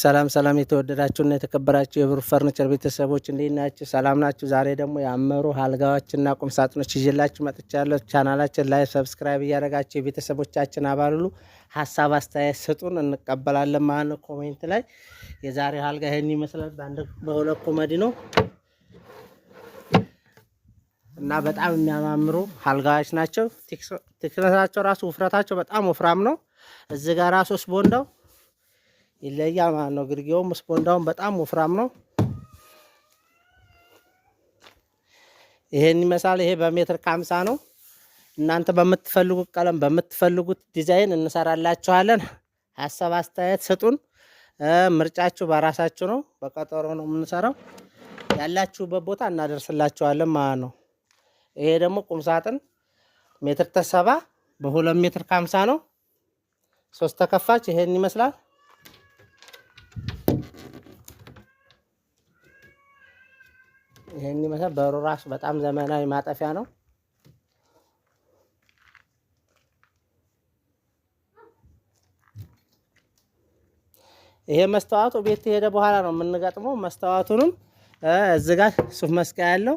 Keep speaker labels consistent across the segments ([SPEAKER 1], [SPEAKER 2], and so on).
[SPEAKER 1] ሰላም ሰላም የተወደዳችሁና የተከበራችሁ የብሩ ፈርኒቸር ቤተሰቦች እንዴት ናችሁ? ሰላም ናችሁ? ዛሬ ደግሞ ያመሩ አልጋዎችና ቁም ሳጥኖች ይዤላችሁ መጥቻለሁ። ቻናላችን ላይ ሰብስክራይብ እያደረጋችሁ የቤተሰቦቻችን አባል ሀሳብ አስተያየት ስጡን፣ እንቀበላለን ማን ኮሜንት ላይ። የዛሬ አልጋ ይህን ይመስላል። በአንድ በሁለት ኮመዲ ነው እና በጣም የሚያማምሩ አልጋዎች ናቸው። ቴክስቸራቸው ራሱ ውፍረታቸው በጣም ወፍራም ነው። እዚህ ጋር ሶስት ቦንዳው ይለያል ማለት ነው። ግርጌውም ስፖንዳውም በጣም ወፍራም ነው። ይሄን ይመስላል። ይሄ በሜትር ከሀምሳ ነው። እናንተ በምትፈልጉት ቀለም በምትፈልጉት ዲዛይን እንሰራላችኋለን። ሀሳብ አስተያየት ስጡን። ምርጫችሁ በራሳችሁ ነው። በቀጠሮ ነው የምንሰራው። ያላችሁበት ቦታ እናደርስላችኋለን ማለት ነው። ይሄ ደግሞ ቁምሳጥን ሜትር ተሰባ በሁለት ሜትር ከሀምሳ ነው። ሶስት ተከፋች ይሄን ይመስላል። ይሄን ይመስላል። በሩ ራሱ በጣም ዘመናዊ ማጠፊያ ነው። ይሄ መስተዋቱ ቤት ከሄደ በኋላ ነው የምንገጥመው። መስተዋቱንም እዚህ ጋር ሱፍ መስቀያ ያለው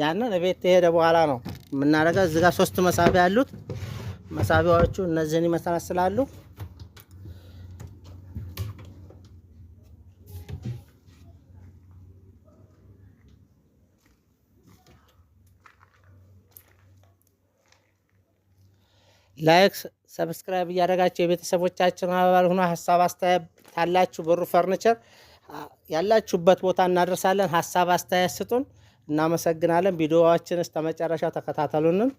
[SPEAKER 1] ያንን ቤት ከሄደ በኋላ ነው የምናደርገው። እዚህ ጋር ሶስት መሳቢያ ያሉት መሳቢያዎቹ እነዚህን ይመስላሉ። ላይክ ሰብስክራይብ እያደረጋችሁ የቤተሰቦቻችን አባል ሁኖ ሀሳብ አስተያየት ታላችሁ ብሩ ፈርኒቸር ያላችሁበት ቦታ እናደርሳለን። ሀሳብ አስተያየት ስጡን። እናመሰግናለን። ቪዲዮዎችን እስከ መጨረሻው ተከታተሉንን።